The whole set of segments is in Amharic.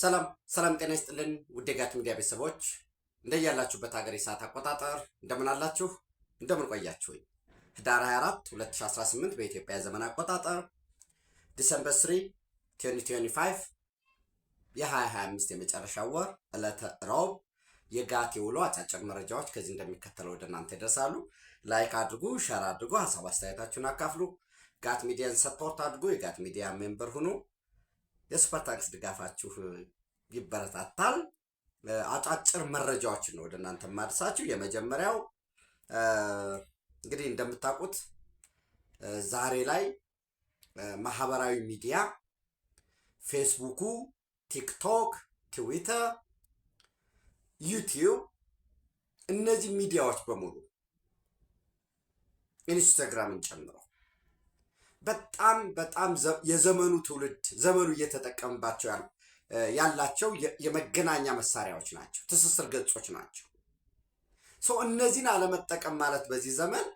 ሰላም ሰላም፣ ጤና ይስጥልን ውድ የጋት ሚዲያ ቤተሰቦች እንደያላችሁበት ሀገር የሰዓት አቆጣጠር እንደምን አላችሁ? እንደምን ቆያችሁ ህዳር 24 2018 በኢትዮጵያ ዘመን አቆጣጠር ዲሰምበር 3 2025 የ2025 የመጨረሻ ወር ዕለተ ረቡዕ የጋት የውሎ አጫጭር መረጃዎች ከዚህ እንደሚከተለው ወደ እናንተ ይደርሳሉ። ላይክ አድርጉ፣ ሸር አድርጉ፣ ሀሳብ አስተያየታችሁን አካፍሉ። ጋት ሚዲያን ሰፖርት አድርጉ። የጋት ሚዲያ ሜምበር ሁኑ። የሱፐርታክስ ድጋፋችሁ ይበረታታል። አጫጭር መረጃዎችን ነው ወደ እናንተ ማድረሳችሁ። የመጀመሪያው እንግዲህ እንደምታውቁት ዛሬ ላይ ማህበራዊ ሚዲያ ፌስቡኩ፣ ቲክቶክ፣ ትዊተር፣ ዩቲዩብ እነዚህ ሚዲያዎች በሙሉ ኢንስታግራምን ጨምሮ በጣም በጣም የዘመኑ ትውልድ ዘመኑ እየተጠቀምባቸው ያላቸው የመገናኛ መሳሪያዎች ናቸው፣ ትስስር ገጾች ናቸው። ሰው እነዚህን አለመጠቀም ማለት በዚህ ዘመን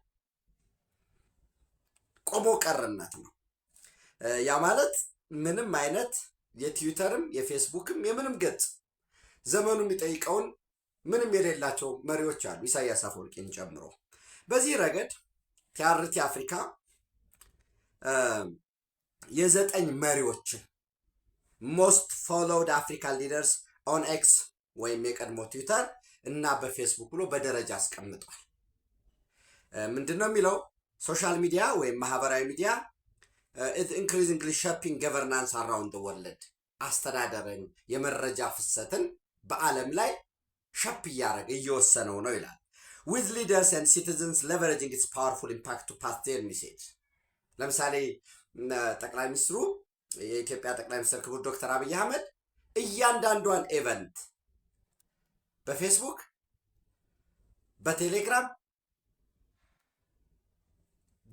ቆሞ ቀርነት ነው። ያ ማለት ምንም አይነት የትዊተርም የፌስቡክም የምንም ገጽ ዘመኑ የሚጠይቀውን ምንም የሌላቸው መሪዎች አሉ፣ ኢሳያስ አፈወርቂን ጨምሮ። በዚህ ረገድ ቲያርቲ አፍሪካ የዘጠኝ መሪዎችን ሞስት ፎሎውድ አፍሪካን ሊደርስ ኦን ኤክስ ወይም የቀድሞ ትዊተር እና በፌስቡክ ብሎ በደረጃ አስቀምጧል። ምንድን ነው የሚለው? ሶሻል ሚዲያ ወይም ማህበራዊ ሚዲያ ኢንክሪዚንግሊ ሸፒንግ ገቨርናንስ አራውንድ ወርልድ አስተዳደርን የመረጃ ፍሰትን በዓለም ላይ ሸፕ እያደረገ እየወሰነው ነው ይላል ዊዝ ሊደርስ ኤንድ ሲቲዝንስ ሌቨሬጂንግ ኢትስ ፓወርፉል ኢምፓክት ቱ ፓስ ዜር ሚሴጅ ለምሳሌ ጠቅላይ ሚኒስትሩ የኢትዮጵያ ጠቅላይ ሚኒስትር ክቡር ዶክተር አብይ አህመድ እያንዳንዷን ኤቨንት በፌስቡክ በቴሌግራም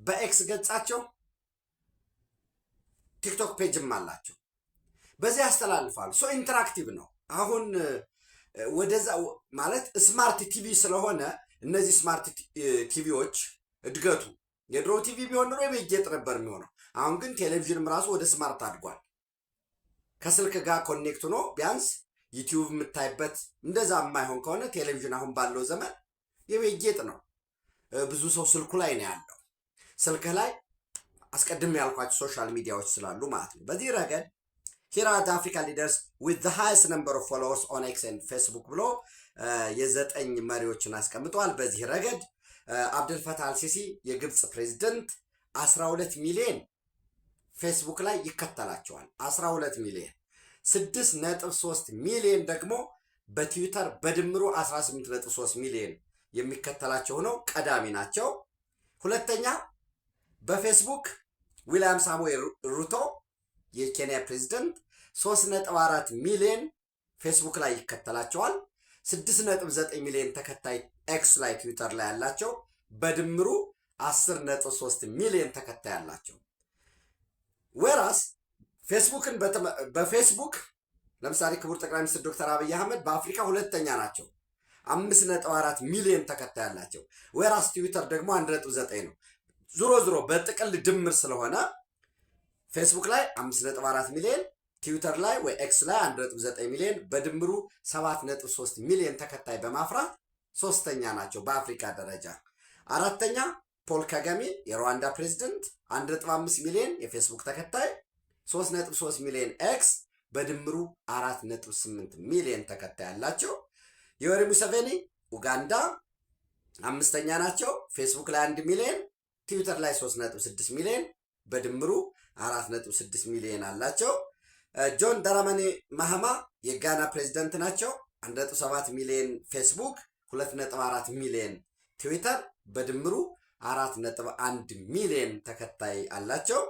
በኤክስ ገጻቸው ቲክቶክ ፔጅም አላቸው። በዚህ ያስተላልፋሉ። ሶ ኢንተራክቲቭ ነው። አሁን ወደዛ ማለት ስማርት ቲቪ ስለሆነ እነዚህ ስማርት ቲቪዎች እድገቱ የድሮ ቲቪ ቢሆን ኖሮ የቤት ነበር የሚሆነው። አሁን ግን ቴሌቪዥንም ራሱ ወደ ስማርት አድጓል። ከስልክ ጋር ኮኔክት ሆኖ ቢያንስ ዩቲዩብ የምታይበት እንደዛ የማይሆን ከሆነ ቴሌቪዥን አሁን ባለው ዘመን የቤት ነው። ብዙ ሰው ስልኩ ላይ ነው ያለው። ስልክህ ላይ አስቀድም ያልኳቸው ሶሻል ሚዲያዎች ስላሉ ማለት ነው። በዚህ ረገድ ሂር አር ሊደርስ ዊዝ ዘ ሃይስት ነምበር ኦፍ ፎሎወርስ ኦን ኤክስ ኤንድ ፌስቡክ ብሎ የዘጠኝ መሪዎችን አስቀምጠዋል። በዚህ ረገድ አብደልፈታ አልሲሲ የግብፅ ፕሬዚደንት 12 ሚሊዮን ፌስቡክ ላይ ይከተላቸዋል። 12 ሚሊዮን 6.3 ሚሊዮን ደግሞ በትዊተር በድምሩ 18.3 ሚሊዮን የሚከተላቸው ነው። ቀዳሚ ናቸው። ሁለተኛ በፌስቡክ ዊልያም ሳሙኤል ሩቶ የኬንያ ፕሬዚደንት 3.4 ሚሊዮን ፌስቡክ ላይ ይከተላቸዋል። 6.9 ሚሊዮን ተከታይ ኤክስ ላይ ትዊተር ላይ ያላቸው በድምሩ 10.3 ሚሊዮን ተከታይ አላቸው። ወራስ ፌስቡክን በፌስቡክ ለምሳሌ ክቡር ጠቅላይ ሚኒስትር ዶክተር አብይ አህመድ በአፍሪካ ሁለተኛ ናቸው፣ 5.4 ሚሊዮን ተከታይ አላቸው። ወራስ ትዊተር ደግሞ 1.9 ነው። ዞሮ ዝሮ በጥቅል ድምር ስለሆነ ፌስቡክ ላይ 5.4 ሚሊዮን ትዊተር ላይ ወይ ኤክስ ላይ 1.9 ሚሊዮን በድምሩ 7.3 ሚሊዮን ተከታይ በማፍራት ሶስተኛ ናቸው በአፍሪካ ደረጃ። አራተኛ ፖል ካጋሜ የሩዋንዳ ፕሬዝደንት 1.5 ሚሊዮን የፌስቡክ ተከታይ 3.3 ሚሊዮን ኤክስ በድምሩ 4.8 ሚሊዮን ተከታይ አላቸው። ዮዌሪ ሙሰቬኒ ኡጋንዳ አምስተኛ ናቸው። ፌስቡክ ላይ 1 ሚሊዮን፣ ትዊተር ላይ 3.6 ሚሊዮን በድምሩ 4.6 ሚሊዮን አላቸው። ጆን ዳራማኔ ማህማ የጋና ፕሬዚደንት ናቸው። 1.7 ሚሊዮን ፌስቡክ፣ 2.4 ሚሊዮን ትዊተር፣ በድምሩ 4.1 ሚሊዮን ተከታይ አላቸው።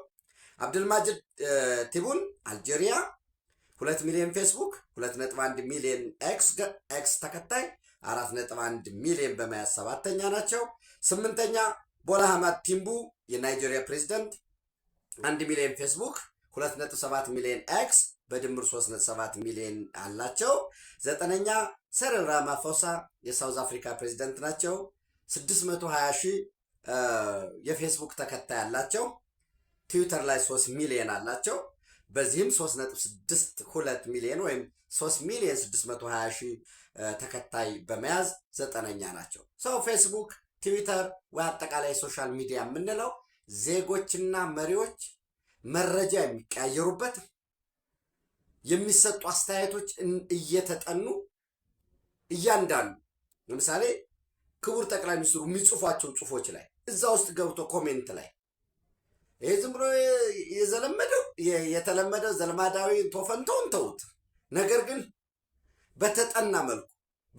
አብድልማጅድ ቲቡን አልጄሪያ፣ 2 ሚሊዮን ፌስቡክ፣ 2.1 ሚሊዮን ኤክስ ተከታይ፣ 4.1 ሚሊዮን በመያዝ ሰባተኛ ናቸው። ስምንተኛ ቦላ አህመድ ቲምቡ የናይጄሪያ ፕሬዚደንት፣ 1 ሚሊዮን ፌስቡክ 2.7 ሚሊዮን ኤክስ በድምር 3.7 ሚሊዮን አላቸው። ዘጠነኛ ሰረል ራማፎሳ የሳውዝ አፍሪካ ፕሬዚደንት ናቸው። 620 ሺህ የፌስቡክ ተከታይ አላቸው። ትዊተር ላይ 3 ሚሊዮን አላቸው። በዚህም 3.62 ሚሊዮን ወይም 3 ሚሊዮን 620 ሺህ ተከታይ በመያዝ ዘጠነኛ ናቸው። ሰው ፌስቡክ፣ ትዊተር ወይ አጠቃላይ ሶሻል ሚዲያ የምንለው ዜጎችና መሪዎች መረጃ የሚቀያየሩበት፣ የሚሰጡ አስተያየቶች እየተጠኑ እያንዳንዱ ለምሳሌ ክቡር ጠቅላይ ሚኒስትሩ የሚጽፏቸው ጽሁፎች ላይ እዛ ውስጥ ገብቶ ኮሜንት ላይ ይሄ ዝም ብሎ የዘለመደው የተለመደ ዘለማዳዊ ቶፈንተውን ተውት። ነገር ግን በተጠና መልኩ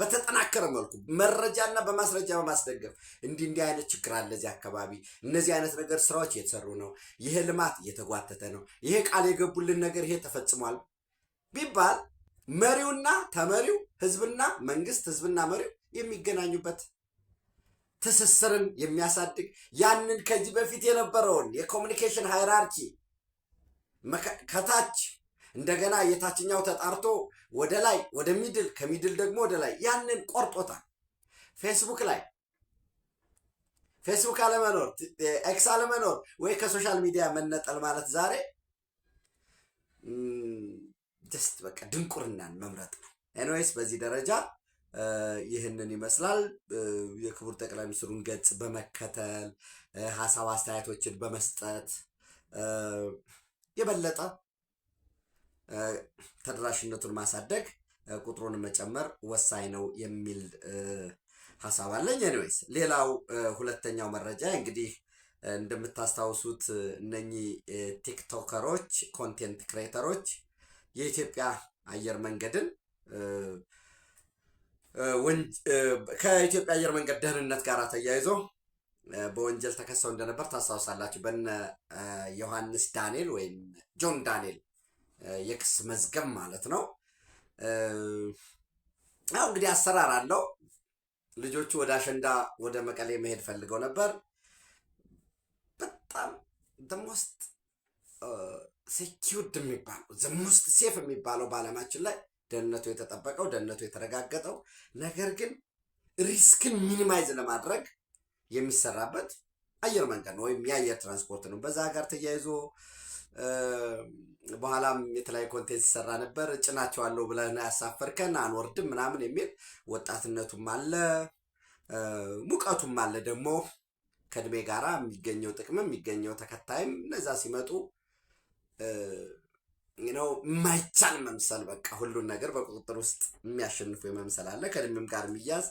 በተጠናከረ መልኩ መረጃና በማስረጃ በማስደገፍ እንዲህ እንዲህ አይነት ችግር አለ እዚህ አካባቢ፣ እነዚህ አይነት ነገር ስራዎች እየተሰሩ ነው፣ ይሄ ልማት እየተጓተተ ነው፣ ይሄ ቃል የገቡልን ነገር ይሄ ተፈጽሟል ቢባል መሪውና ተመሪው ህዝብና መንግስት ህዝብና መሪው የሚገናኙበት ትስስርን የሚያሳድግ ያንን ከዚህ በፊት የነበረውን የኮሚኒኬሽን ሃይራርኪ ከታች እንደገና የታችኛው ተጣርቶ ወደ ላይ ወደ ሚድል ከሚድል ደግሞ ወደ ላይ ያንን ቆርጦታል። ፌስቡክ ላይ ፌስቡክ አለመኖር፣ ኤክስ አለመኖር ወይ ከሶሻል ሚዲያ መነጠል ማለት ዛሬ ደስት በቃ ድንቁርናን መምረጥ ነው። ኤንዌይስ በዚህ ደረጃ ይህንን ይመስላል። የክቡር ጠቅላይ ሚኒስትሩን ገጽ በመከተል ሀሳብ አስተያየቶችን በመስጠት የበለጠ ተደራሽነቱን ማሳደግ፣ ቁጥሩን መጨመር ወሳኝ ነው የሚል ሀሳብ አለኝ። ኤኒዌይስ ሌላው ሁለተኛው መረጃ እንግዲህ እንደምታስታውሱት እነኚህ ቲክቶከሮች ኮንቴንት ክሬተሮች የኢትዮጵያ አየር መንገድን ከኢትዮጵያ አየር መንገድ ደህንነት ጋር ተያይዞ በወንጀል ተከሰው እንደነበር ታስታውሳላችሁ። በነ ዮሐንስ ዳንኤል ወይም ጆን ዳንኤል የክስ መዝገብ ማለት ነው። አሁ እንግዲህ አሰራር አለው። ልጆቹ ወደ አሸንዳ ወደ መቀሌ መሄድ ፈልገው ነበር። በጣም ደሞስት ሴኪውርድ የሚባለው ዘሞስት ሴፍ የሚባለው በዓለማችን ላይ ደህንነቱ የተጠበቀው ደህንነቱ የተረጋገጠው ነገር ግን ሪስክን ሚኒማይዝ ለማድረግ የሚሰራበት አየር መንገድ ነው ወይም የአየር ትራንስፖርት ነው። በዛ ጋር ተያይዞ በኋላም የተለያዩ ኮንቴንት ይሰራ ነበር። ጭናቸዋለሁ ብለን ያሳፈርከን አንወርድም ምናምን የሚል ወጣትነቱም አለ ሙቀቱም አለ። ደግሞ ከእድሜ ጋራ የሚገኘው ጥቅም የሚገኘው ተከታይም እነዛ ሲመጡ ነው የማይቻል መምሰል በቃ ሁሉን ነገር በቁጥጥር ውስጥ የሚያሸንፉ የመምሰል አለ ከእድሜም ጋር የሚያዝ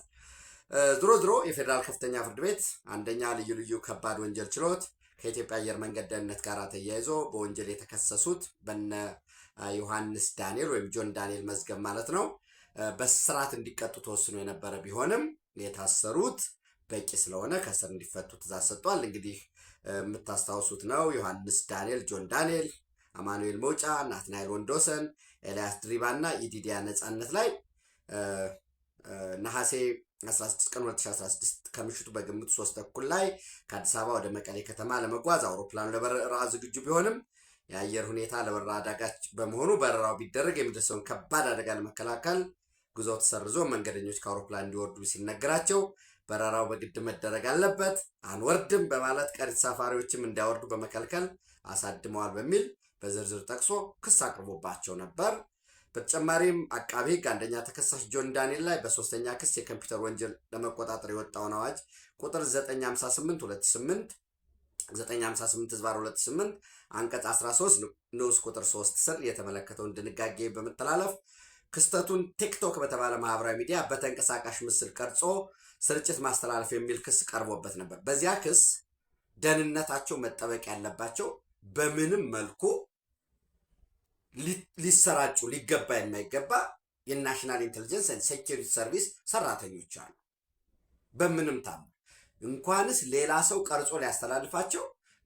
ድሮ ድሮ የፌዴራል ከፍተኛ ፍርድ ቤት አንደኛ ልዩ ልዩ ከባድ ወንጀል ችሎት ከኢትዮጵያ አየር መንገድ ደህንነት ጋር ተያይዞ በወንጀል የተከሰሱት በነ ዮሐንስ ዳንኤል ወይም ጆን ዳንኤል መዝገብ ማለት ነው በስርዓት እንዲቀጡ ተወስኖ የነበረ ቢሆንም የታሰሩት በቂ ስለሆነ ከስር እንዲፈቱ ትእዛዝ ሰጥቷል። እንግዲህ የምታስታውሱት ነው ዮሐንስ ዳንኤል፣ ጆን ዳንኤል፣ አማኑኤል መውጫ፣ ናትናኤል ወንዶሰን፣ ኤልያስ ድሪባ እና ኢዲዲያ ነጻነት ላይ ነሐሴ 16 ቀን 2016 ከምሽቱ በግምት ሶስት ተኩል ላይ ከአዲስ አበባ ወደ መቀሌ ከተማ ለመጓዝ አውሮፕላኑ ለበረራ ዝግጁ ቢሆንም የአየር ሁኔታ ለበረራ አዳጋች በመሆኑ በረራው ቢደረግ የሚደርሰውን ከባድ አደጋ ለመከላከል ጉዞ ተሰርዞ መንገደኞች ከአውሮፕላን እንዲወርዱ ሲነገራቸው በረራው በግድ መደረግ አለበት አንወርድም በማለት ቀሪ ተሳፋሪዎችም እንዲያወርዱ በመከልከል አሳድመዋል በሚል በዝርዝር ጠቅሶ ክስ አቅርቦባቸው ነበር። በተጨማሪም አቃቢ ሕግ አንደኛ ተከሳሽ ጆን ዳንኤል ላይ በሶስተኛ ክስ የኮምፒውተር ወንጀል ለመቆጣጠር የወጣውን አዋጅ ቁጥር 958 2008 958 ዝባር አንቀጽ 13 ንዑስ ቁጥር 3 ስር የተመለከተውን ድንጋጌ በመተላለፍ ክስተቱን ቲክቶክ በተባለ ማህበራዊ ሚዲያ በተንቀሳቃሽ ምስል ቀርጾ ስርጭት ማስተላለፍ የሚል ክስ ቀርቦበት ነበር። በዚያ ክስ ደህንነታቸው መጠበቅ ያለባቸው በምንም መልኩ ሊሰራጩ ሊገባ የማይገባ የናሽናል ኢንቴሊጀንስ ሴኪሪቲ ሰርቪስ ሰራተኞች አሉ። በምንም ታም እንኳንስ ሌላ ሰው ቀርጾ ሊያስተላልፋቸው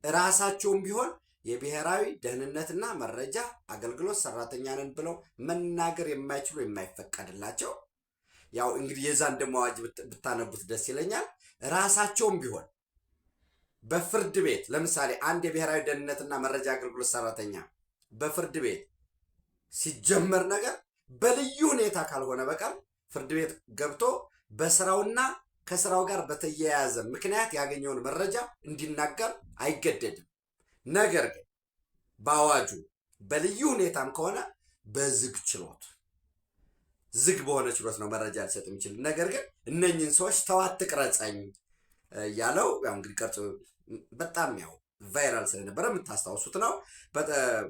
እራሳቸውም ቢሆን የብሔራዊ ደህንነትና መረጃ አገልግሎት ሰራተኛ ነን ብለው መናገር የማይችሉ የማይፈቀድላቸው፣ ያው እንግዲህ የዛን ደግሞ አዋጅ ብታነቡት ደስ ይለኛል። ራሳቸውም ቢሆን በፍርድ ቤት ለምሳሌ አንድ የብሔራዊ ደህንነትና መረጃ አገልግሎት ሰራተኛ በፍርድ ቤት ሲጀመር ነገር በልዩ ሁኔታ ካልሆነ በቀር ፍርድ ቤት ገብቶ በስራውና ከስራው ጋር በተያያዘ ምክንያት ያገኘውን መረጃ እንዲናገር አይገደድም። ነገር ግን በአዋጁ በልዩ ሁኔታም ከሆነ በዝግ ችሎት ዝግ በሆነ ችሎት ነው መረጃ ሊሰጥ የሚችል። ነገር ግን እነኝን ሰዎች ተው አትቅረጸኝ ያለው ያው እንግዲህ በጣም ያው ቫይራል ስለነበረ የምታስታውሱት ነው።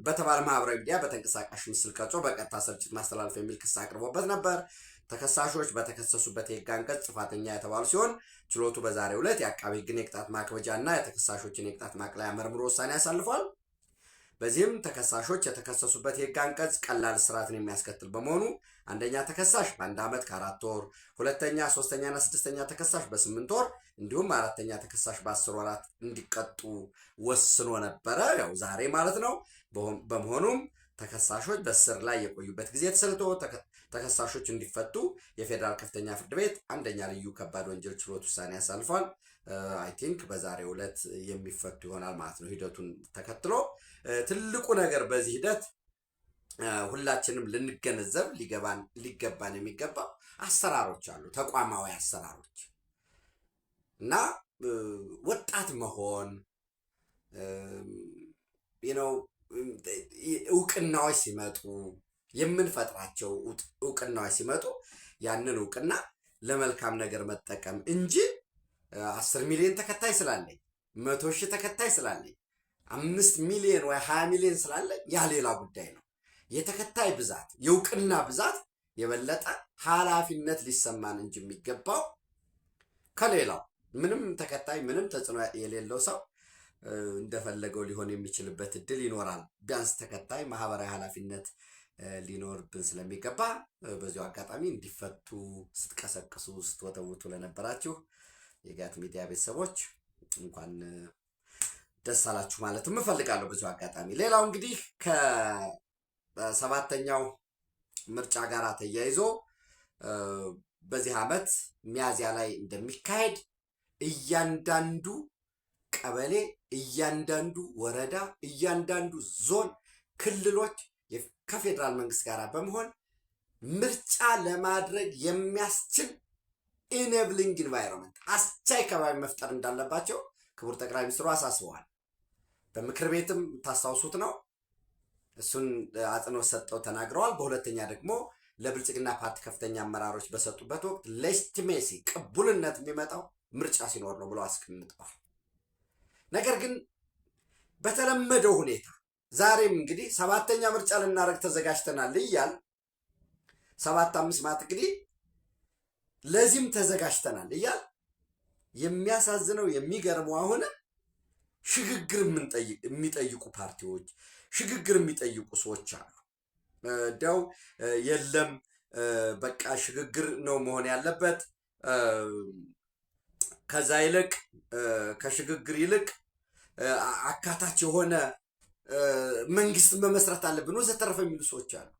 በተባለ ማህበራዊ ሚዲያ በተንቀሳቃሽ ምስል ቀርጾ በቀጥታ ስርጭት ማስተላለፍ የሚል ክስ አቅርቦበት ነበር። ተከሳሾች በተከሰሱበት የህግ አንቀጽ ጥፋተኛ የተባሉ ሲሆን ችሎቱ በዛሬው ዕለት የአቃቤ ህግን የቅጣት ማክበጃ እና የተከሳሾችን የቅጣት ማቅለያ መርምሮ ውሳኔ ያሳልፏል። በዚህም ተከሳሾች የተከሰሱበት የህግ አንቀጽ ቀላል ስርዓትን የሚያስከትል በመሆኑ አንደኛ ተከሳሽ በአንድ ዓመት ከአራት ወር፣ ሁለተኛ፣ ሶስተኛና ስድስተኛ ተከሳሽ በስምንት ወር እንዲሁም አራተኛ ተከሳሽ በአስር ወራት እንዲቀጡ ወስኖ ነበረ። ያው ዛሬ ማለት ነው። በመሆኑም ተከሳሾች በስር ላይ የቆዩበት ጊዜ ተሰልቶ ተከሳሾች እንዲፈቱ የፌዴራል ከፍተኛ ፍርድ ቤት አንደኛ ልዩ ከባድ ወንጀል ችሎት ውሳኔ ያሳልፏል። አይ ቲንክ በዛሬው ዕለት የሚፈቱ ይሆናል ማለት ነው ሂደቱን ተከትሎ ትልቁ ነገር በዚህ ሂደት ሁላችንም ልንገነዘብ ሊገባን የሚገባው አሰራሮች አሉ፣ ተቋማዊ አሰራሮች እና ወጣት መሆን ነው። እውቅናዎች ሲመጡ የምንፈጥራቸው እውቅናዎች ሲመጡ ያንን እውቅና ለመልካም ነገር መጠቀም እንጂ አስር ሚሊዮን ተከታይ ስላለኝ መቶ ሺህ ተከታይ ስላለኝ አምስት ሚሊዮን ወይ ሀያ ሚሊዮን ስላለ ያ ሌላ ጉዳይ ነው። የተከታይ ብዛት፣ የእውቅና ብዛት የበለጠ ኃላፊነት ሊሰማን እንጂ የሚገባው ከሌላው ምንም ተከታይ ምንም ተጽዕኖ የሌለው ሰው እንደፈለገው ሊሆን የሚችልበት እድል ይኖራል። ቢያንስ ተከታይ ማህበራዊ ኃላፊነት ሊኖርብን ስለሚገባ በዚሁ አጋጣሚ እንዲፈቱ ስትቀሰቅሱ ስትወተውቱ ለነበራችሁ የጋት ሚዲያ ቤተሰቦች እንኳን ደስ አላችሁ ማለት እፈልጋለሁ ብዙ አጋጣሚ። ሌላው እንግዲህ ከሰባተኛው ምርጫ ጋር ተያይዞ በዚህ ዓመት ሚያዝያ ላይ እንደሚካሄድ እያንዳንዱ ቀበሌ፣ እያንዳንዱ ወረዳ፣ እያንዳንዱ ዞን፣ ክልሎች ከፌዴራል መንግስት ጋር በመሆን ምርጫ ለማድረግ የሚያስችል ኢኔብሊንግ ኢንቫይሮንመንት አስቻይ ከባቢ መፍጠር እንዳለባቸው ክቡር ጠቅላይ ሚኒስትሩ አሳስበዋል። በምክር ቤትም ታስታውሱት ነው። እሱን አጽንኦት ሰጠው ተናግረዋል። በሁለተኛ ደግሞ ለብልጽግና ፓርቲ ከፍተኛ አመራሮች በሰጡበት ወቅት ሌጅቲሜሲ ቅቡልነት የሚመጣው ምርጫ ሲኖር ነው ብለው አስቀምጠዋል። ነገር ግን በተለመደው ሁኔታ ዛሬም እንግዲህ ሰባተኛ ምርጫ ልናደርግ ተዘጋጅተናል እያል ሰባት አምስት ማት እንግዲህ ለዚህም ተዘጋጅተናል እያል የሚያሳዝነው የሚገርመው አሁንም ሽግግር የሚጠይቁ ፓርቲዎች፣ ሽግግር የሚጠይቁ ሰዎች አሉ። እንዲያው የለም በቃ ሽግግር ነው መሆን ያለበት ከዛ ይልቅ ከሽግግር ይልቅ አካታች የሆነ መንግስት መመስረት አለብን ወዘተረፈ የሚሉ ሰዎች አሉ።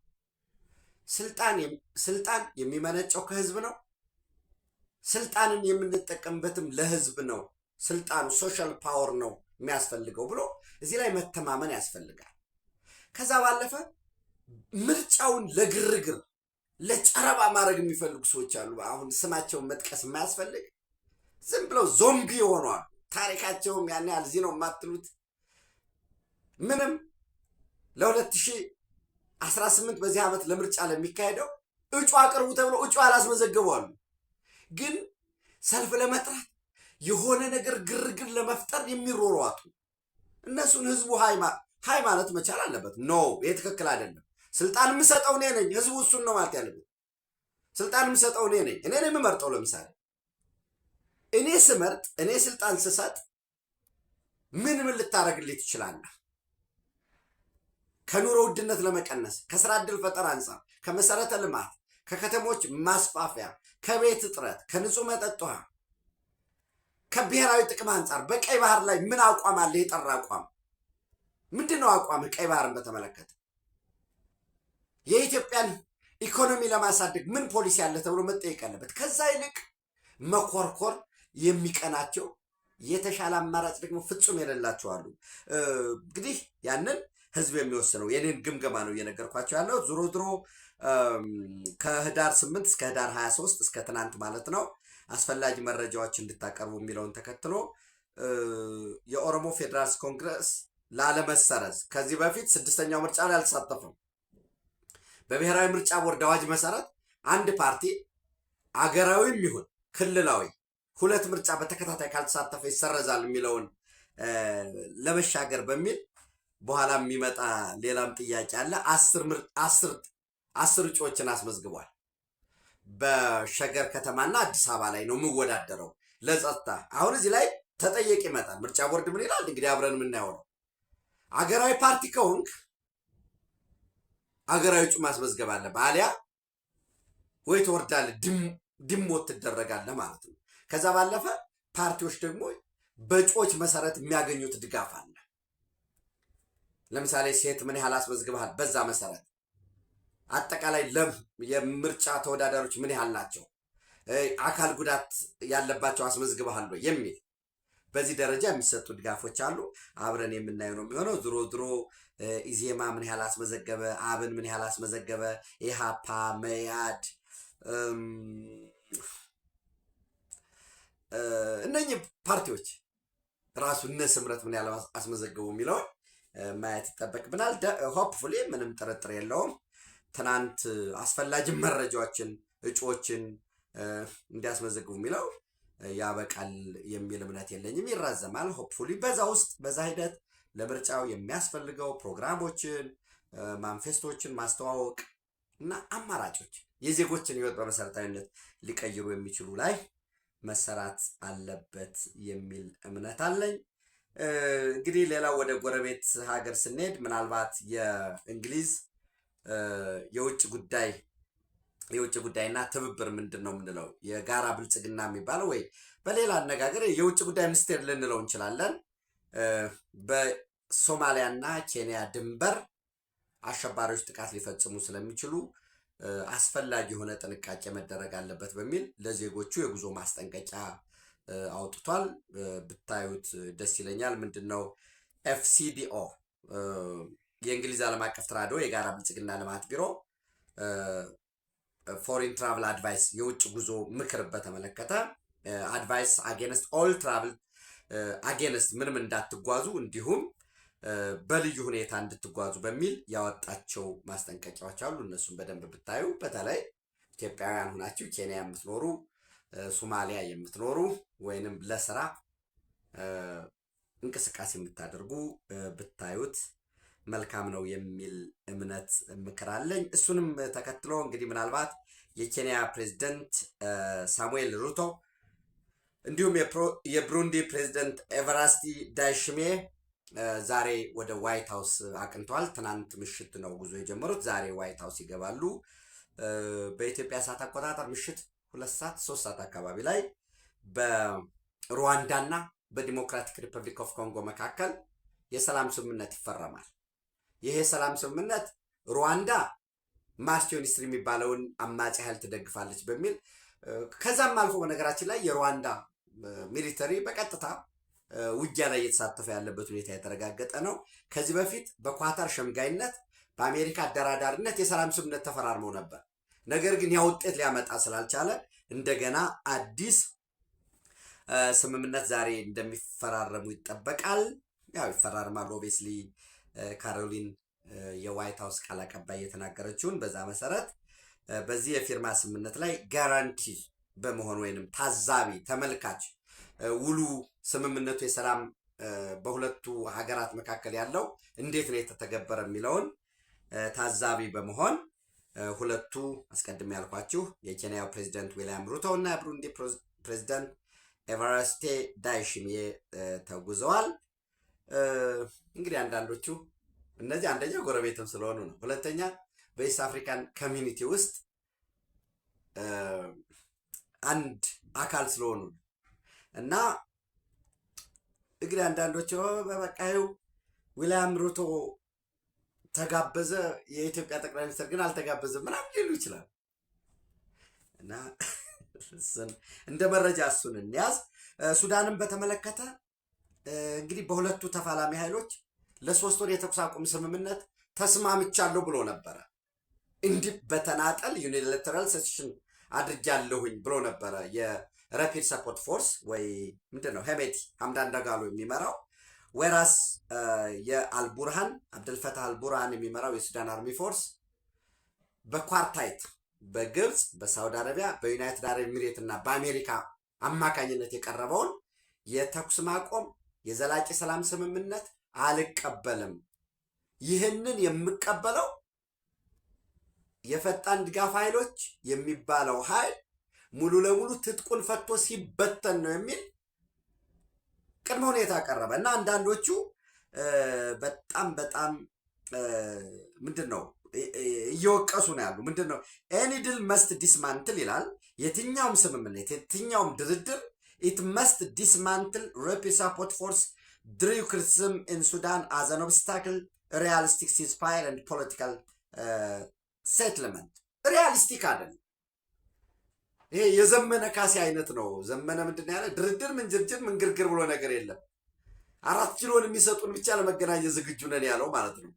ስልጣን የሚመነጨው ከህዝብ ነው። ስልጣንን የምንጠቀምበትም ለህዝብ ነው። ስልጣኑ ሶሻል ፓወር ነው። የሚያስፈልገው ብሎ እዚህ ላይ መተማመን ያስፈልጋል። ከዛ ባለፈ ምርጫውን ለግርግር ለጨረባ ማድረግ የሚፈልጉ ሰዎች አሉ። አሁን ስማቸውን መጥቀስ የማያስፈልግ ዝም ብለው ዞምቢ ሆነዋል። ታሪካቸውም ያን ያህል እዚህ ነው የማትሉት ምንም ለሁለት 2018 አስራ ስምንት በዚህ ዓመት ለምርጫ ለሚካሄደው እጩ አቅርቡ ተብሎ እጩ አላስመዘገቧሉ። ግን ሰልፍ ለመጥራት የሆነ ነገር ግርግር ለመፍጠር የሚሮሯጡ እነሱን ህዝቡ ሀይ ማለት መቻል አለበት። ኖ ይህ ትክክል አይደለም፣ ስልጣን የምሰጠው እኔ ነኝ፣ ህዝቡ እሱን ነው ማለት ያለበት። ስልጣን የምሰጠው እኔ ነኝ፣ እኔ ነው የምመርጠው። ለምሳሌ እኔ ስመርጥ፣ እኔ ስልጣን ስሰጥ ምን ምን ልታደርግልኝ ትችላለህ? ከኑሮ ውድነት ለመቀነስ፣ ከስራ እድል ፈጠራ አንጻር፣ ከመሰረተ ልማት፣ ከከተሞች ማስፋፊያ፣ ከቤት እጥረት፣ ከንጹህ መጠጥ ውሃ ከብሔራዊ ጥቅም አንጻር በቀይ ባህር ላይ ምን አቋም አለ? የጠራ አቋም ምንድን ነው? አቋም ቀይ ባህርን በተመለከተ የኢትዮጵያን ኢኮኖሚ ለማሳደግ ምን ፖሊሲ አለ ተብሎ መጠየቅ አለበት። ከዛ ይልቅ መኮርኮር የሚቀናቸው የተሻለ አማራጭ ደግሞ ፍጹም የሌላቸው አሉ። እንግዲህ ያንን ህዝብ የሚወስነው የኔን ግምገማ ነው እየነገርኳቸው ያለው። ዞሮ ዞሮ ከህዳር ስምንት እስከ ህዳር ሀያ ሶስት እስከ ትናንት ማለት ነው አስፈላጊ መረጃዎች እንድታቀርቡ የሚለውን ተከትሎ የኦሮሞ ፌዴራልስ ኮንግረስ ላለመሰረዝ ከዚህ በፊት ስድስተኛው ምርጫ ላይ አልተሳተፈም። በብሔራዊ ምርጫ ቦርድ አዋጅ መሰረት አንድ ፓርቲ አገራዊም ይሁን ክልላዊ ሁለት ምርጫ በተከታታይ ካልተሳተፈ ይሰረዛል የሚለውን ለመሻገር በሚል በኋላ የሚመጣ ሌላም ጥያቄ አለ። አስር እጩዎችን አስመዝግቧል። በሸገር ከተማና አዲስ አበባ ላይ ነው የምወዳደረው ለጸጥታ። አሁን እዚህ ላይ ተጠየቅ ይመጣል። ምርጫ ቦርድ ምን ይላል? እንግዲህ አብረን የምናየው ነው። አገራዊ ፓርቲ ከሆንክ አገራዊ እጩ ማስመዝገብ አለ አሊያ ወይ ትወርዳለህ፣ ድሞት ትደረጋለ ማለት ነው። ከዛ ባለፈ ፓርቲዎች ደግሞ በእጩዎች መሰረት የሚያገኙት ድጋፍ አለ። ለምሳሌ ሴት ምን ያህል አስመዝግበሃል፣ በዛ መሰረት አጠቃላይ ለም የምርጫ ተወዳዳሪዎች ምን ያህል ናቸው፣ አካል ጉዳት ያለባቸው አስመዝግበሃል ወይ የሚል በዚህ ደረጃ የሚሰጡ ድጋፎች አሉ። አብረን የምናየው ነው የሚሆነው። ዝሮ ዝሮ ኢዜማ ምን ያህል አስመዘገበ፣ አብን ምን ያህል አስመዘገበ፣ ኢሃፓ፣ መያድ እነኚህ ፓርቲዎች ራሱ እነ ስምረት ምን ያህል አስመዘገቡ የሚለውን ማየት ይጠበቅብናል። ሆፕፉሊ ምንም ጥርጥር የለውም። ትናንት አስፈላጊ መረጃዎችን እጩዎችን እንዲያስመዘግቡ የሚለው ያበቃል የሚል እምነት የለኝም። ይራዘማል። ሆፕፉሊ በዛ ውስጥ በዛ ሂደት ለምርጫው የሚያስፈልገው ፕሮግራሞችን፣ ማንፌስቶችን ማስተዋወቅ እና አማራጮች የዜጎችን ሕይወት በመሰረታዊነት ሊቀይሩ የሚችሉ ላይ መሰራት አለበት የሚል እምነት አለኝ። እንግዲህ ሌላው ወደ ጎረቤት ሀገር ስንሄድ ምናልባት የእንግሊዝ የውጭ ጉዳይ የውጭ ጉዳይና ትብብር ምንድን ነው የምንለው የጋራ ብልጽግና የሚባለው ወይ በሌላ አነጋገር የውጭ ጉዳይ ሚኒስቴር ልንለው እንችላለን። በሶማሊያና ኬንያ ድንበር አሸባሪዎች ጥቃት ሊፈጽሙ ስለሚችሉ አስፈላጊ የሆነ ጥንቃቄ መደረግ አለበት በሚል ለዜጎቹ የጉዞ ማስጠንቀቂያ አውጥቷል። ብታዩት ደስ ይለኛል። ምንድን ነው ኤፍሲዲኦ የእንግሊዝ ዓለም አቀፍ ተራድኦ የጋራ ብልጽግና ልማት ቢሮ ፎሪን ትራቭል አድቫይስ የውጭ ጉዞ ምክር በተመለከተ አድቫይስ አጌንስት ኦል ትራቭል አጌንስት ምንም እንዳትጓዙ እንዲሁም በልዩ ሁኔታ እንድትጓዙ በሚል ያወጣቸው ማስጠንቀቂያዎች አሉ። እነሱም በደንብ ብታዩ በተለይ ኢትዮጵያውያን ሁናችሁ ኬንያ የምትኖሩ፣ ሶማሊያ የምትኖሩ ወይንም ለስራ እንቅስቃሴ የምታደርጉ ብታዩት መልካም ነው የሚል እምነት ምክር አለኝ። እሱንም ተከትሎ እንግዲህ ምናልባት የኬንያ ፕሬዚደንት ሳሙኤል ሩቶ እንዲሁም የብሩንዲ ፕሬዚደንት ኤቨራስቲ ዳይሽሜ ዛሬ ወደ ዋይት ሀውስ አቅንተዋል። ትናንት ምሽት ነው ጉዞ የጀመሩት። ዛሬ ዋይት ሀውስ ይገባሉ። በኢትዮጵያ ሰዓት አቆጣጠር ምሽት ሁለት ሰዓት ሶስት ሰዓት አካባቢ ላይ በሩዋንዳና በዲሞክራቲክ ሪፐብሊክ ኦፍ ኮንጎ መካከል የሰላም ስምምነት ይፈረማል። ይሄ ሰላም ስምምነት ሩዋንዳ ማስትዮኒስትሪ የሚባለውን አማጺ ኃይል ትደግፋለች በሚል ከዛም አልፎ በነገራችን ላይ የሩዋንዳ ሚሊተሪ በቀጥታ ውጊያ ላይ እየተሳተፈ ያለበት ሁኔታ የተረጋገጠ ነው። ከዚህ በፊት በኳታር ሸምጋይነት በአሜሪካ አደራዳሪነት የሰላም ስምምነት ተፈራርሞ ነበር። ነገር ግን ያ ውጤት ሊያመጣ ስላልቻለ እንደገና አዲስ ስምምነት ዛሬ እንደሚፈራረሙ ይጠበቃል። ያው ይፈራርማል። ኦቤስሊ ካሮሊን የዋይት ሀውስ ቃል አቀባይ የተናገረችውን በዛ መሰረት በዚህ የፊርማ ስምምነት ላይ ጋራንቲ በመሆን ወይንም ታዛቢ ተመልካች ውሉ ስምምነቱ የሰላም በሁለቱ ሀገራት መካከል ያለው እንዴት ነው የተተገበረ የሚለውን ታዛቢ በመሆን ሁለቱ አስቀድሜ ያልኳችሁ የኬንያው ፕሬዚደንት ዊልያም ሩቶ እና የብሩንዲ ፕሬዚደንት ኤቨረስቴ ዳይሽሚዬ ተጉዘዋል። እንግዲህ አንዳንዶቹ እነዚህ አንደኛ ጎረቤትም ስለሆኑ ነው። ሁለተኛ በኢስት አፍሪካን ኮሚኒቲ ውስጥ አንድ አካል ስለሆኑ ነው እና እንግዲህ አንዳንዶች በበቃዩ ዊልያም ሩቶ ተጋበዘ፣ የኢትዮጵያ ጠቅላይ ሚኒስትር ግን አልተጋበዘም ምናምን ሊሉ ይችላል እና እንደ መረጃ እሱን እንያዝ። ሱዳንን በተመለከተ እንግዲህ በሁለቱ ተፋላሚ ኃይሎች ለሶስት ወር የተኩስ አቁም ስምምነት ተስማምቻለሁ ብሎ ነበረ። እንዲህ በተናጠል ዩኒላተራል ሴሽን አድርጃለሁኝ ብሎ ነበረ። የረፒድ ሰፖርት ፎርስ ወይ ምንድን ነው ሄሜቲ ሀምዳን ደጋሎ የሚመራው ወይራስ የአልቡርሃን አብደልፈታህ አልቡርሃን የሚመራው የሱዳን አርሚ ፎርስ በኳርታይት በግብፅ በሳውዲ አረቢያ በዩናይትድ አረብ ኤሚሬት እና በአሜሪካ አማካኝነት የቀረበውን የተኩስ ማቆም የዘላቂ ሰላም ስምምነት አልቀበልም። ይህንን የምቀበለው የፈጣን ድጋፍ ኃይሎች የሚባለው ኃይል ሙሉ ለሙሉ ትጥቁን ፈቶ ሲበተን ነው የሚል ቅድመ ሁኔታ ቀረበ እና አንዳንዶቹ በጣም በጣም ምንድን ነው እየወቀሱ ነው ያሉ። ምንድን ነው ኤኒ ድል መስት ዲስማንትል ይላል። የትኛውም ስምምነት የትኛውም ድርድር it must dismantle rapid support force, drew criticism in Sudan as an obstacle, realistic ceasefire and political uh, settlement. ሪያሊስቲክ አይደለም። ይሄ የዘመነ ካሴ አይነት ነው። ዘመነ ምንድን ያለ ድርድር ምንጅርጅር ምንግርግር ብሎ ነገር የለም አራት ኪሎን የሚሰጡን ብቻ ለመገናኘት ዝግጁ ነን ያለው ማለት ነው።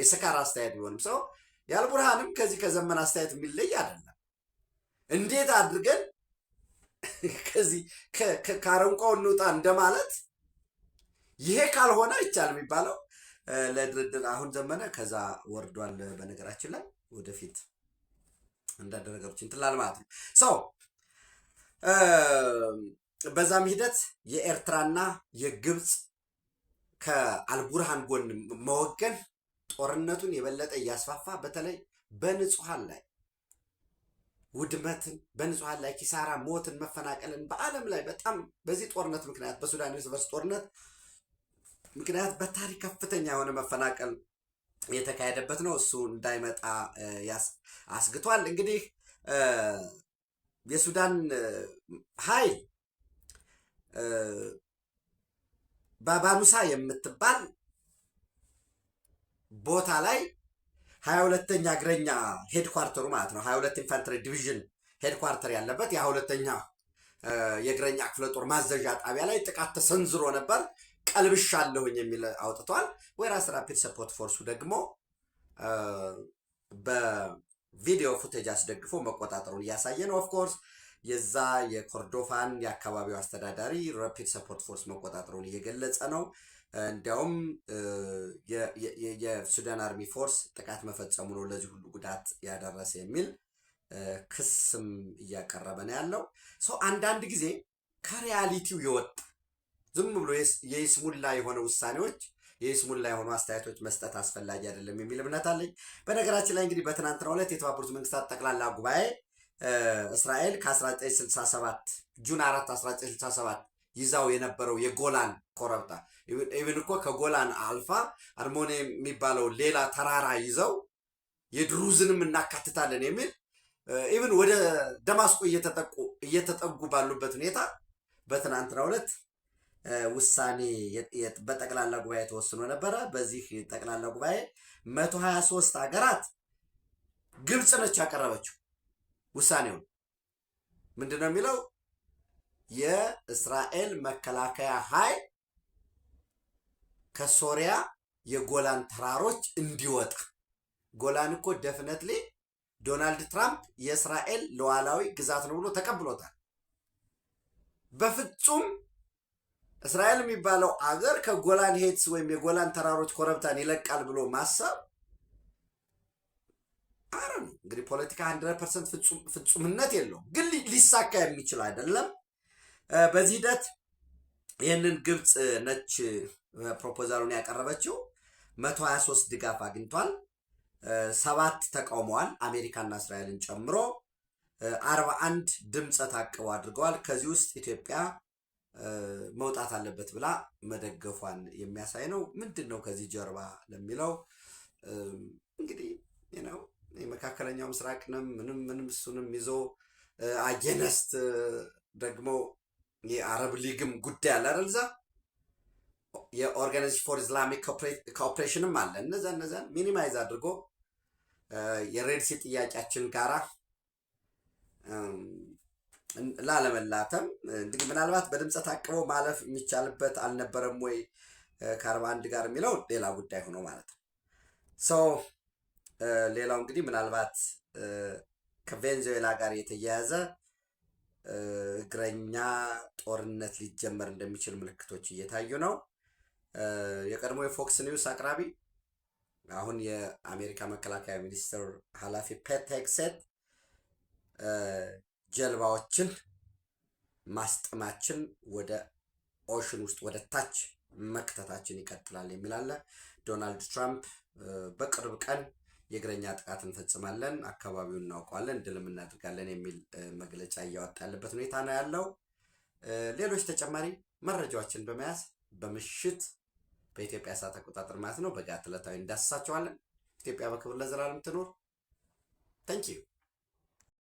የሰካር አስተያየት ቢሆንም ሰው ያልቡርሃንም ከዚህ ከዘመን አስተያየት የሚለይ አይደለም። እንዴት አድርገን ከዚህ ከአረንቋው እንውጣ እንደማለት ይሄ ካልሆነ ይቻል የሚባለው ለድርድር አሁን ዘመነ ከዛ ወርዷል። በነገራችን ላይ ወደፊት አንዳንድ እንትላል ማለት ነው ሰው በዛም ሂደት የኤርትራና የግብፅ ከአልቡርሃን ጎን መወገን ጦርነቱን የበለጠ እያስፋፋ በተለይ በንጹሐን ላይ ውድመትን፣ በንጹሐን ላይ ኪሳራ፣ ሞትን፣ መፈናቀልን በዓለም ላይ በጣም በዚህ ጦርነት ምክንያት በሱዳን እርስ በርስ ጦርነት ምክንያት በታሪክ ከፍተኛ የሆነ መፈናቀል የተካሄደበት ነው። እሱ እንዳይመጣ አስግቷል። እንግዲህ የሱዳን ኃይል ባባኑሳ የምትባል ቦታ ላይ ሀያ ሁለተኛ እግረኛ ሄድኳርተሩ ማለት ነው። ሀያ ሁለት ኢንፋንትሪ ዲቪዥን ሄድኳርተር ያለበት የሀያ ሁለተኛ የእግረኛ ክፍለ ጦር ማዘዣ ጣቢያ ላይ ጥቃት ተሰንዝሮ ነበር፣ ቀልብሻ አለሁኝ የሚል አውጥቷል። ወይራስ ራፒድ ሰፖርት ፎርሱ ደግሞ በቪዲዮ ፉቴጅ አስደግፎ መቆጣጠሩን እያሳየ ነው። ኦፍኮርስ የዛ የኮርዶፋን የአካባቢው አስተዳዳሪ ራፒድ ሰፖርት ፎርስ መቆጣጠሩን እየገለጸ ነው። እንዲያውም የሱዳን አርሚ ፎርስ ጥቃት መፈጸሙ ነው ለዚህ ሁሉ ጉዳት ያደረሰ የሚል ክስም እያቀረበ ነው ያለው ሰው። አንዳንድ ጊዜ ከሪያሊቲው የወጣ ዝም ብሎ የይስሙላ የሆነ ውሳኔዎች የይስሙላ የሆኑ አስተያየቶች መስጠት አስፈላጊ አይደለም የሚል እምነት አለኝ። በነገራችን ላይ እንግዲህ በትናንትናው ዕለት የተባበሩት መንግስታት ጠቅላላ ጉባኤ እስራኤል ከ1967 ጁን 4 1967 ይዛው የነበረው የጎላን ኮረብታ ኢቨን እኮ ከጎላን አልፋ አርሞኒ የሚባለው ሌላ ተራራ ይዘው የድሩዝንም እናካትታለን የሚል ኢቨን ወደ ደማስቆ እየተጠጉ ባሉበት ሁኔታ በትናንትና ዕለት ውሳኔ በጠቅላላ ጉባኤ ተወስኖ ነበረ። በዚህ ጠቅላላ ጉባኤ መቶ ሀያ ሶስት ሀገራት ግብፅ ነች ያቀረበችው ውሳኔውን ምንድን ነው የሚለው የእስራኤል መከላከያ ኃይል ከሶሪያ የጎላን ተራሮች እንዲወጣ። ጎላን እኮ ደፍነትሊ ዶናልድ ትራምፕ የእስራኤል ሉዓላዊ ግዛት ነው ብሎ ተቀብሎታል። በፍጹም እስራኤል የሚባለው አገር ከጎላን ሄትስ ወይም የጎላን ተራሮች ኮረብታን ይለቃል ብሎ ማሰብ አረ እንግዲህ ፖለቲካ 100 ፐርሰንት ፍጹምነት የለውም፣ ግን ሊሳካ የሚችል አይደለም። በዚህ ሂደት ይህንን ግብፅ ነች ፕሮፖዛሉን ያቀረበችው መቶ ሀያ ሶስት ድጋፍ አግኝቷል። ሰባት ተቃውመዋል፣ አሜሪካና እስራኤልን ጨምሮ አርባ አንድ ድምፀ ታቅበው አድርገዋል። ከዚህ ውስጥ ኢትዮጵያ መውጣት አለበት ብላ መደገፏን የሚያሳይ ነው። ምንድን ነው ከዚህ ጀርባ ለሚለው እንግዲህ ነው የመካከለኛው ምስራቅንም ምንም ምንም እሱንም ይዞ አጌነስት ደግሞ የአረብ ሊግም ጉዳይ አለ አይደል? እዛ የኦርጋናይዜሽን ፎር ኢስላሚክ ኮኦፕሬሽንም አለ። እነዛ እነዛን ሚኒማይዝ አድርጎ የሬድሲ ጥያቄያችን ጋራ ላለመላተም እንግዲህ ምናልባት በድምፀ ታቅቦ ማለፍ የሚቻልበት አልነበረም ወይ ከአርባ አንድ ጋር የሚለው ሌላ ጉዳይ ሆኖ ማለት ነው። ሰው ሌላው እንግዲህ ምናልባት ከቬንዙዌላ ጋር የተያያዘ እግረኛ ጦርነት ሊጀመር እንደሚችል ምልክቶች እየታዩ ነው። የቀድሞ የፎክስ ኒውስ አቅራቢ አሁን የአሜሪካ መከላከያ ሚኒስትር ኃላፊ ፔት ሄግሴት ጀልባዎችን ማስጠማችን ወደ ኦሽን ውስጥ ወደ ታች መክተታችን ይቀጥላል የሚል አለ። ዶናልድ ትራምፕ በቅርብ ቀን የእግረኛ ጥቃት እንፈጽማለን፣ አካባቢውን እናውቀዋለን፣ ድልም እናድርጋለን የሚል መግለጫ እያወጣ ያለበት ሁኔታ ነው ያለው። ሌሎች ተጨማሪ መረጃዎችን በመያዝ በምሽት በኢትዮጵያ ሰዓት አቆጣጠር ማለት ነው በጋ ዕለታዊ እንዳስሳቸዋለን። ኢትዮጵያ በክብር ለዘላለም ትኖር። ታንኪዩ